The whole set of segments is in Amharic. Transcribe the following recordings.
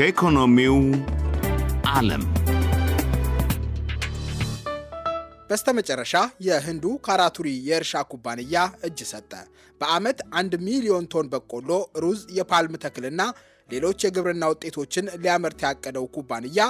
ከኢኮኖሚው ዓለም በስተመጨረሻ የህንዱ ካራቱሪ የእርሻ ኩባንያ እጅ ሰጠ። በዓመት አንድ ሚሊዮን ቶን በቆሎ፣ ሩዝ፣ የፓልም ተክልና ሌሎች የግብርና ውጤቶችን ሊያመርት ያቀደው ኩባንያ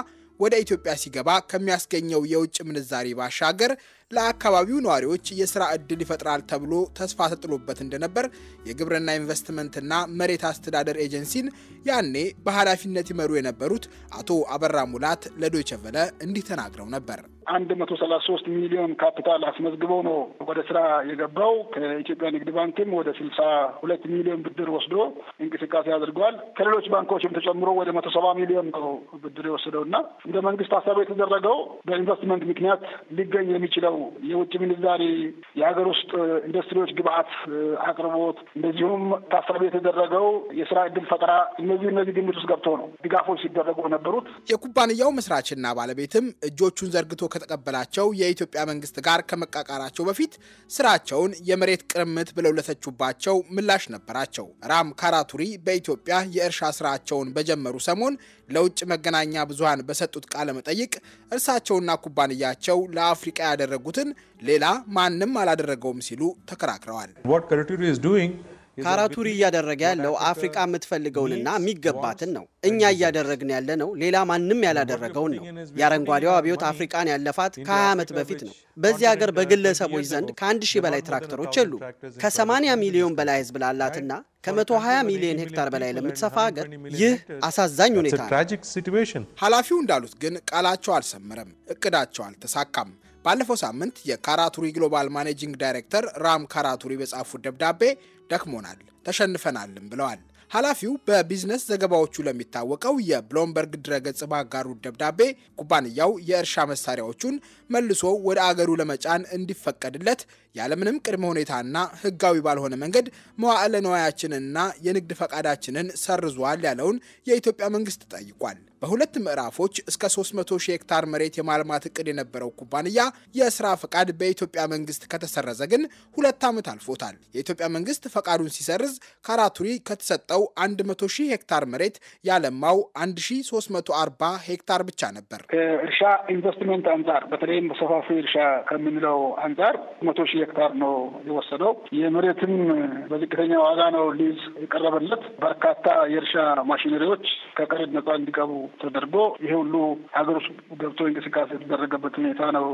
ወደ ኢትዮጵያ ሲገባ ከሚያስገኘው የውጭ ምንዛሪ ባሻገር ለአካባቢው ነዋሪዎች የስራ ዕድል ይፈጥራል ተብሎ ተስፋ ተጥሎበት እንደነበር የግብርና ኢንቨስትመንትና መሬት አስተዳደር ኤጀንሲን ያኔ በኃላፊነት ይመሩ የነበሩት አቶ አበራ ሙላት ለዶቸቨለ እንዲህ ተናግረው ነበር። አንድ መቶ ሰላሳ ሶስት ሚሊዮን ካፒታል አስመዝግበው ነው ወደ ስራ የገባው። ከኢትዮጵያ ንግድ ባንክም ወደ ስልሳ ሁለት ሚሊዮን ብድር ወስዶ እንቅስቃሴ አድርገዋል። ከሌሎች ባንኮችም ተጨምሮ ወደ መቶ ሰባ ሚሊዮን ነው ብድር የወሰደው እና እንደ መንግስት ሀሳብ የተደረገው በኢንቨስትመንት ምክንያት ሊገኝ የሚችለው ነው። የውጭ ምንዛሪ፣ የሀገር ውስጥ ኢንዱስትሪዎች ግብአት አቅርቦት፣ እንደዚሁም ታሳቢ የተደረገው የስራ እድል ፈጠራ፣ እነዚህ እነዚህ ግምት ውስጥ ገብቶ ነው ድጋፎች ሲደረጉ የነበሩት። የኩባንያው መስራችና ባለቤትም እጆቹን ዘርግቶ ከተቀበላቸው የኢትዮጵያ መንግስት ጋር ከመቃቃራቸው በፊት ስራቸውን የመሬት ቅርምት ብለው ለተቹባቸው ምላሽ ነበራቸው። ራም ካራቱሪ በኢትዮጵያ የእርሻ ስራቸውን በጀመሩ ሰሞን ለውጭ መገናኛ ብዙሃን በሰጡት ቃለ መጠይቅ እርሳቸውና ኩባንያቸው ለአፍሪቃ ያደረጉ ያደረጉትን ሌላ ማንም አላደረገውም ሲሉ ተከራክረዋል። ካራቱሪ እያደረገ ያለው አፍሪቃ የምትፈልገውንና የሚገባትን ነው። እኛ እያደረግን ያለ ነው ሌላ ማንም ያላደረገውን ነው። የአረንጓዴው አብዮት አፍሪቃን ያለፋት ከ20 ዓመት በፊት ነው። በዚህ ሀገር በግለሰቦች ዘንድ ከ1000 በላይ ትራክተሮች የሉ። ከ80 ሚሊዮን በላይ ህዝብ ላላትና ከ120 ሚሊዮን ሄክታር በላይ ለምትሰፋ ሀገር ይህ አሳዛኝ ሁኔታ ነው። ኃላፊው እንዳሉት ግን ቃላቸው አልሰመረም፣ እቅዳቸው አልተሳካም። ባለፈው ሳምንት የካራቱሪ ግሎባል ማኔጂንግ ዳይሬክተር ራም ካራቱሪ በጻፉት ደብዳቤ ደክሞናል፣ ተሸንፈናልም ብለዋል። ኃላፊው በቢዝነስ ዘገባዎቹ ለሚታወቀው የብሎምበርግ ድረገጽ ባጋሩት ደብዳቤ ኩባንያው የእርሻ መሳሪያዎቹን መልሶ ወደ አገሩ ለመጫን እንዲፈቀድለት ያለምንም ቅድመ ሁኔታና ሕጋዊ ባልሆነ መንገድ መዋዕለ ነዋያችንንና የንግድ ፈቃዳችንን ሰርዟል ያለውን የኢትዮጵያ መንግስት ጠይቋል። በሁለት ምዕራፎች እስከ 300 ሺህ ሄክታር መሬት የማልማት እቅድ የነበረው ኩባንያ የስራ ፈቃድ በኢትዮጵያ መንግስት ከተሰረዘ ግን ሁለት ዓመት አልፎታል። የኢትዮጵያ መንግስት ፈቃዱን ሲሰርዝ ካራቱሪ ከተሰጠው 100 ሺህ ሄክታር መሬት ያለማው 1340 ሄክታር ብቻ ነበር። ከእርሻ ኢንቨስትመንት አንጻር በተለይም ሰፋፊ እርሻ ከምንለው አንጻር መቶ ሺህ ሄክታር ነው የወሰደው። የመሬትም በዝቅተኛ ዋጋ ነው ሊዝ የቀረበለት። በርካታ የእርሻ ማሽነሪዎች ከቀረጥ ነጻ እንዲገቡ ተደርጎ ይሄ ሁሉ ሀገር ውስጥ ገብቶ እንቅስቃሴ የተደረገበት ሁኔታ ነው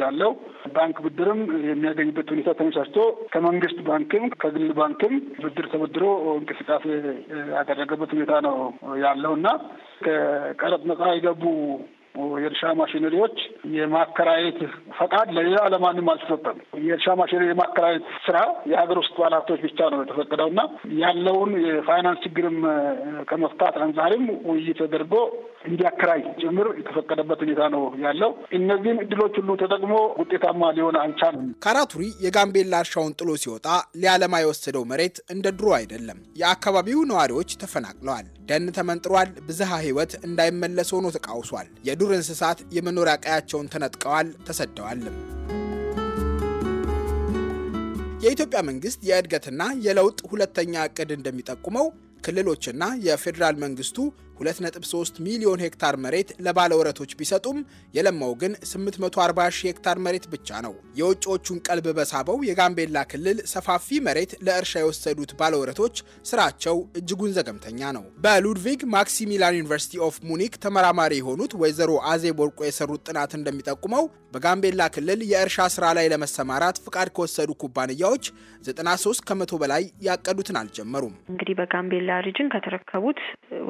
ያለው። ባንክ ብድርም የሚያገኝበት ሁኔታ ተመቻችቶ ከመንግስት ባንክም ከግል ባንክም ብድር ተበድሮ እንቅስቃሴ ያደረገበት ሁኔታ ነው ያለው እና ከቀረጥ ነጻ የገቡ የእርሻ ማሽነሪዎች የማከራየት ፈቃድ ለሌላ ለማንም አልተሰጠም። የእርሻ ማሽነሪ የማከራየት ስራ የሀገር ውስጥ ባለሀብቶች ብቻ ነው የተፈቀደው እና ያለውን የፋይናንስ ችግርም ከመፍታት አንጻርም ውይይት ተደርጎ እንዲያከራይ ጭምር የተፈቀደበት ሁኔታ ነው ያለው። እነዚህም እድሎች ሁሉ ተጠቅሞ ውጤታማ ሊሆን አልቻለም። ካራቱሪ የጋምቤላ እርሻውን ጥሎ ሲወጣ ሊያለማ የወሰደው መሬት እንደ ድሮ አይደለም። የአካባቢው ነዋሪዎች ተፈናቅለዋል፣ ደን ተመንጥሯል፣ ብዝሃ ህይወት እንዳይመለስ ሆኖ ተቃውሷል። የዱር እንስሳት የመኖሪያ ቀያቸውን ተነጥቀዋል፣ ተሰደዋልም። የኢትዮጵያ መንግስት የእድገትና የለውጥ ሁለተኛ እቅድ እንደሚጠቁመው ክልሎችና የፌዴራል መንግስቱ 2.3 ሚሊዮን ሄክታር መሬት ለባለወረቶች ቢሰጡም የለማው ግን 840 ሺህ ሄክታር መሬት ብቻ ነው። የውጭዎቹን ቀልብ በሳበው የጋምቤላ ክልል ሰፋፊ መሬት ለእርሻ የወሰዱት ባለወረቶች ስራቸው እጅጉን ዘገምተኛ ነው። በሉድቪግ ማክሲሚላን ዩኒቨርሲቲ ኦፍ ሙኒክ ተመራማሪ የሆኑት ወይዘሮ አዜ ቦርቆ የሰሩት ጥናት እንደሚጠቁመው በጋምቤላ ክልል የእርሻ ስራ ላይ ለመሰማራት ፍቃድ ከወሰዱ ኩባንያዎች 93 ከመቶ በላይ ያቀዱትን አልጀመሩም። እንግዲህ በጋምቤላ ሪጅን ከተረከቡት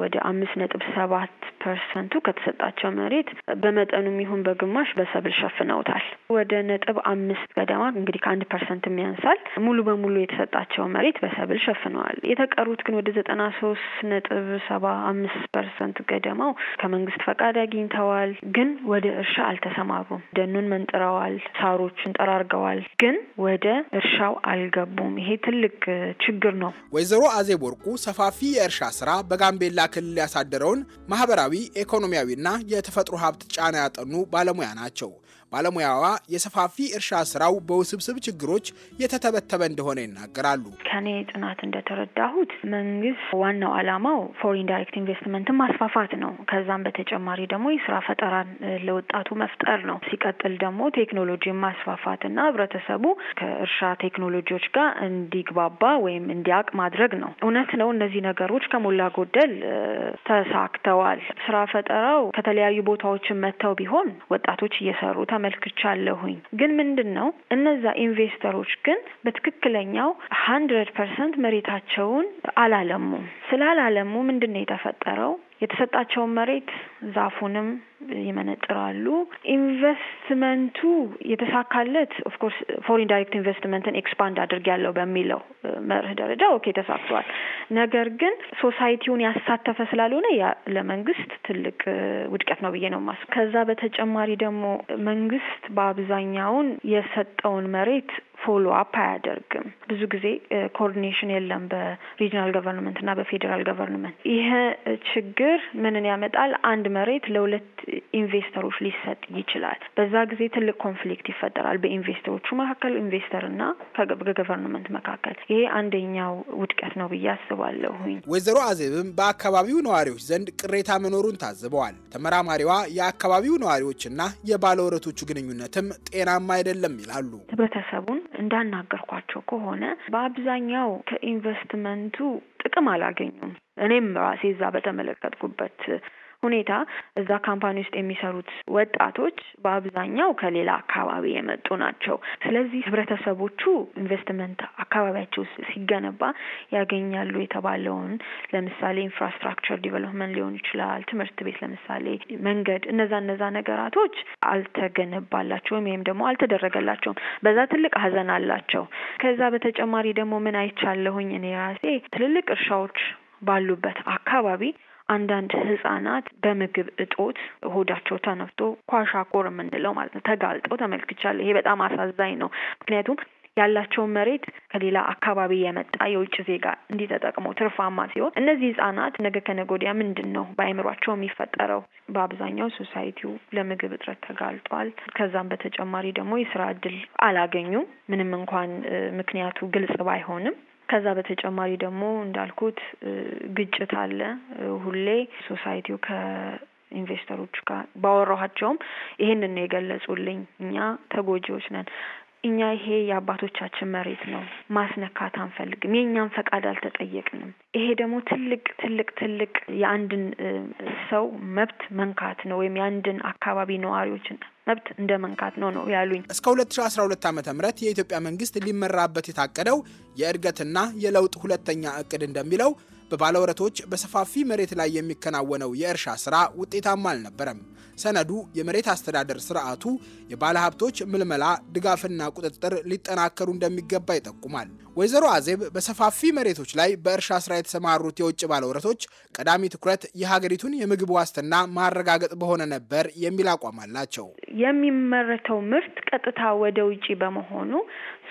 ወደ አምስት ነጥብ ሰባት ፐርሰንቱ ከተሰጣቸው መሬት በመጠኑም ይሁን በግማሽ በሰብል ሸፍነውታል። ወደ ነጥብ አምስት ገደማ እንግዲህ ከአንድ ፐርሰንት የሚያንሳል ሙሉ በሙሉ የተሰጣቸው መሬት በሰብል ሸፍነዋል። የተቀሩት ግን ወደ ዘጠና ሶስት ነጥብ ሰባ አምስት ፐርሰንት ገደማው ከመንግስት ፈቃድ አግኝተዋል፣ ግን ወደ እርሻ አልተሰማሩም። ደኑን መንጥረዋል፣ ሳሮቹን ጠራርገዋል፣ ግን ወደ እርሻው አልገቡም። ይሄ ትልቅ ችግር ነው። ወይዘሮ አዜብ ወርቁ ሰፋፊ የእርሻ ስራ በጋምቤላ ክልል ያሳደ ያሳደረውን ማህበራዊ ኢኮኖሚያዊና የተፈጥሮ ሀብት ጫና ያጠኑ ባለሙያ ናቸው። ባለሙያዋ የሰፋፊ እርሻ ስራው በውስብስብ ችግሮች የተተበተበ እንደሆነ ይናገራሉ። ከኔ ጥናት እንደተረዳሁት መንግስት ዋናው አላማው ፎሪን ዳይሬክት ኢንቨስትመንትን ማስፋፋት ነው። ከዛም በተጨማሪ ደግሞ የስራ ፈጠራን ለወጣቱ መፍጠር ነው። ሲቀጥል ደግሞ ቴክኖሎጂን ማስፋፋትና ህብረተሰቡ ከእርሻ ቴክኖሎጂዎች ጋር እንዲግባባ ወይም እንዲያውቅ ማድረግ ነው። እውነት ነው፣ እነዚህ ነገሮች ከሞላ ጎደል ተሳክተዋል። ስራ ፈጠራው ከተለያዩ ቦታዎችን መጥተው ቢሆን ወጣቶች እየሰሩ ተመልክቻለሁኝ። ግን ምንድን ነው እነዛ ኢንቨስተሮች ግን በትክክለኛው ሀንድረድ ፐርሰንት መሬታቸውን አላለሙም። ስላላለሙ ምንድን ነው የተፈጠረው? የተሰጣቸውን መሬት ዛፉንም ይመነጥራሉ። ኢንቨስትመንቱ የተሳካለት ኦፍኮርስ ፎሪን ዳይሬክት ኢንቨስትመንትን ኤክስፓንድ አድርግ ያለው በሚለው መርህ ደረጃ ኦኬ ተሳክቷል። ነገር ግን ሶሳይቲውን ያሳተፈ ስላልሆነ ያ ለመንግስት ትልቅ ውድቀት ነው ብዬ ነው ማስ ከዛ በተጨማሪ ደግሞ መንግስት በአብዛኛውን የሰጠውን መሬት ፎሎ አፕ አያደርግም። ብዙ ጊዜ ኮኦርዲኔሽን የለም በሪጅናል ገቨርንመንት እና በፌዴራል ገቨርንመንት። ይህ ችግር ምንን ያመጣል? አንድ መሬት ለሁለት ኢንቨስተሮች ሊሰጥ ይችላል። በዛ ጊዜ ትልቅ ኮንፍሊክት ይፈጠራል በኢንቨስተሮቹ መካከል፣ ኢንቨስተርና በገቨርንመንት መካከል። ይሄ አንደኛው ውድቀት ነው ብዬ አስባለሁኝ። ወይዘሮ አዜብም በአካባቢው ነዋሪዎች ዘንድ ቅሬታ መኖሩን ታዝበዋል። ተመራማሪዋ የአካባቢው ነዋሪዎችና የባለውረቶቹ ግንኙነትም ጤናማ አይደለም ይላሉ። ህብረተሰቡን እንዳናገርኳቸው ከሆነ በአብዛኛው ከኢንቨስትመንቱ ጥቅም አላገኙም። እኔም ራሴ እዛ በተመለከትኩበት ሁኔታ እዛ ካምፓኒ ውስጥ የሚሰሩት ወጣቶች በአብዛኛው ከሌላ አካባቢ የመጡ ናቸው። ስለዚህ ህብረተሰቦቹ ኢንቨስትመንት አካባቢያቸው ሲገነባ ያገኛሉ የተባለውን ለምሳሌ ኢንፍራስትራክቸር ዲቨሎፕመንት ሊሆን ይችላል። ትምህርት ቤት ለምሳሌ መንገድ፣ እነዛ እነዛ ነገራቶች አልተገነባላቸውም ወይም ደግሞ አልተደረገላቸውም። በዛ ትልቅ ሀዘን አላቸው። ከዛ በተጨማሪ ደግሞ ምን አይቻለሁኝ እኔ ራሴ ትልልቅ እርሻዎች ባሉበት አካባቢ አንዳንድ ህጻናት በምግብ እጦት ሆዳቸው ተነፍቶ ኳሻኮር የምንለው ማለት ነው ተጋልጠው ተመልክቻለሁ። ይሄ በጣም አሳዛኝ ነው። ምክንያቱም ያላቸውን መሬት ከሌላ አካባቢ የመጣ የውጭ ዜጋ እንዲተጠቅመው ትርፋማ ሲሆን እነዚህ ህጻናት ነገ ከነገ ወዲያ ምንድን ነው በአይምሯቸው የሚፈጠረው? በአብዛኛው ሶሳይቲው ለምግብ እጥረት ተጋልጧል። ከዛም በተጨማሪ ደግሞ የስራ እድል አላገኙም። ምንም እንኳን ምክንያቱ ግልጽ ባይሆንም ከዛ በተጨማሪ ደግሞ እንዳልኩት ግጭት አለ። ሁሌ ሶሳይቲው ከኢንቨስተሮች ጋር ባወራኋቸውም ይሄንን ነው የገለጹልኝ። እኛ ተጎጂዎች ነን እኛ ይሄ የአባቶቻችን መሬት ነው ማስነካት አንፈልግም። የእኛም ፈቃድ አልተጠየቅንም። ይሄ ደግሞ ትልቅ ትልቅ ትልቅ የአንድን ሰው መብት መንካት ነው ወይም የአንድን አካባቢ ነዋሪዎችን መብት እንደ መንካት ነው ነው ያሉኝ። እስከ 2012 ዓ ም የኢትዮጵያ መንግስት ሊመራበት የታቀደው የእድገትና የለውጥ ሁለተኛ እቅድ እንደሚለው በባለውረቶች በሰፋፊ መሬት ላይ የሚከናወነው የእርሻ ስራ ውጤታማ አልነበረም። ሰነዱ የመሬት አስተዳደር ስርዓቱ የባለሀብቶች ምልመላ፣ ድጋፍና ቁጥጥር ሊጠናከሩ እንደሚገባ ይጠቁማል። ወይዘሮ አዜብ በሰፋፊ መሬቶች ላይ በእርሻ ስራ የተሰማሩት የውጭ ባለውረቶች ቀዳሚ ትኩረት የሀገሪቱን የምግብ ዋስትና ማረጋገጥ በሆነ ነበር የሚል አቋም አላቸው። የሚመረተው ምርት ቀጥታ ወደ ውጪ በመሆኑ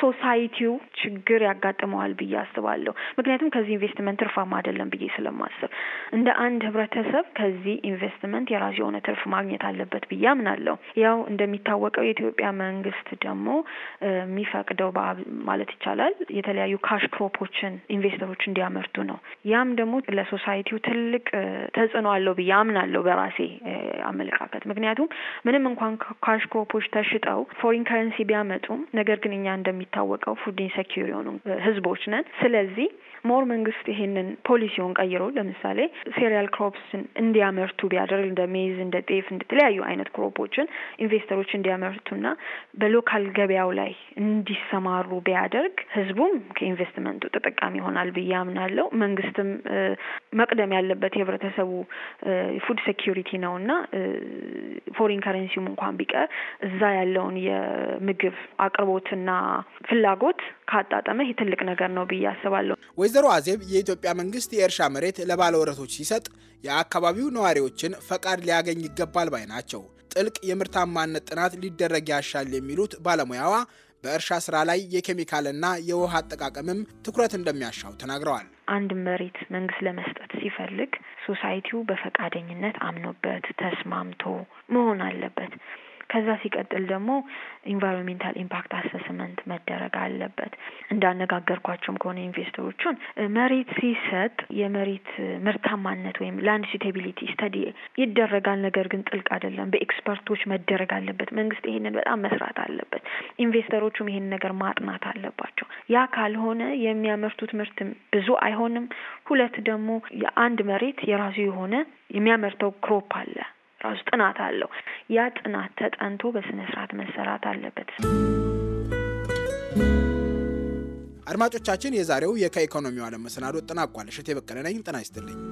ሶሳይቲው ችግር ያጋጥመዋል ብዬ አስባለሁ። ምክንያቱም ከዚህ ኢንቨስትመንት ትርፋማ አይደለም ብዬ ስለማስብ እንደ አንድ ህብረተሰብ ከዚህ ኢንቨስትመንት የራሱ የሆነ ትርፍ ማግኘት አለበት ብዬ አምናለሁ። ያው እንደሚታወቀው የኢትዮጵያ መንግስት ደግሞ የሚፈቅደው ማለት ይቻላል የተለያዩ ካሽ ክሮፖችን ኢንቨስተሮች እንዲያመርቱ ነው። ያም ደግሞ ለሶሳይቲው ትልቅ ተጽዕኖ አለው ብዬ አምናለሁ በራሴ አመለካከት። ምክንያቱም ምንም እንኳን ካሽ ክሮፖች ተሽጠው ፎሪን ከረንሲ ቢያመጡም ነገር ግን እኛ እንደሚታወቀው ፉድ ኢንሴኪር የሆኑ ህዝቦች ነን። ስለዚህ ሞር መንግስት ይሄንን ፖሊሲውን ቀይሮ ለምሳሌ ሴሪያል ክሮፕስን እንዲያመርቱ ቢያደርግ እንደ ሜዝ፣ እንደ ጤፍ፣ እንደ ተለያዩ አይነት ክሮፖችን ኢንቨስተሮች እንዲያመርቱና በሎካል ገበያው ላይ እንዲሰማሩ ቢያደርግ ህዝቡም ከኢንቨስትመንቱ ተጠቃሚ ይሆናል ብዬ አምናለሁ። መንግስትም መቅደም ያለበት የህብረተሰቡ ፉድ ሴኪሪቲ ነው እና ፎሪን ከረንሲውም እንኳን ቢቀር እዛ ያለውን የምግብ አቅርቦትና ፍላጎት ካጣጠመ ይህ ትልቅ ነገር ነው ብዬ አስባለሁ። ወይዘሮ አዜብ የኢትዮጵያ መንግስት የእርሻ መሬት ለባለወረቶች ሲሰጥ የአካባቢው ነዋሪዎችን ፈቃድ ሊያገኝ ይገባል ባይ ናቸው። ጥልቅ የምርታማነት ጥናት ሊደረግ ያሻል የሚሉት ባለሙያዋ በእርሻ ስራ ላይ የኬሚካልና የውሃ አጠቃቀምም ትኩረት እንደሚያሻው ተናግረዋል። አንድ መሬት መንግስት ለመስጠት ሲፈልግ ሶሳይቲው በፈቃደኝነት አምኖበት ተስማምቶ መሆን አለበት። ከዛ ሲቀጥል ደግሞ ኢንቫይሮንሜንታል ኢምፓክት አሰስመንት መደረግ አለበት። እንዳነጋገርኳቸውም ከሆነ ኢንቨስተሮቹን መሬት ሲሰጥ የመሬት ምርታማነት ወይም ላንድ ሱቴቢሊቲ ስተዲ ይደረጋል። ነገር ግን ጥልቅ አይደለም፣ በኤክስፐርቶች መደረግ አለበት። መንግስት ይሄንን በጣም መስራት አለበት። ኢንቨስተሮቹም ይሄን ነገር ማጥናት አለባቸው። ያ ካልሆነ የሚያመርቱት ምርትም ብዙ አይሆንም። ሁለት ደግሞ የአንድ መሬት የራሱ የሆነ የሚያመርተው ክሮፕ አለ ራሱ ጥናት አለው። ያ ጥናት ተጠንቶ በስነ ስርዓት መሰራት አለበት። አድማጮቻችን፣ የዛሬው የከኢኮኖሚው ዓለም መሰናዶ ጠናቋል። እሸቴ በቀለ ነኝ። ጤና ይስጥልኝ።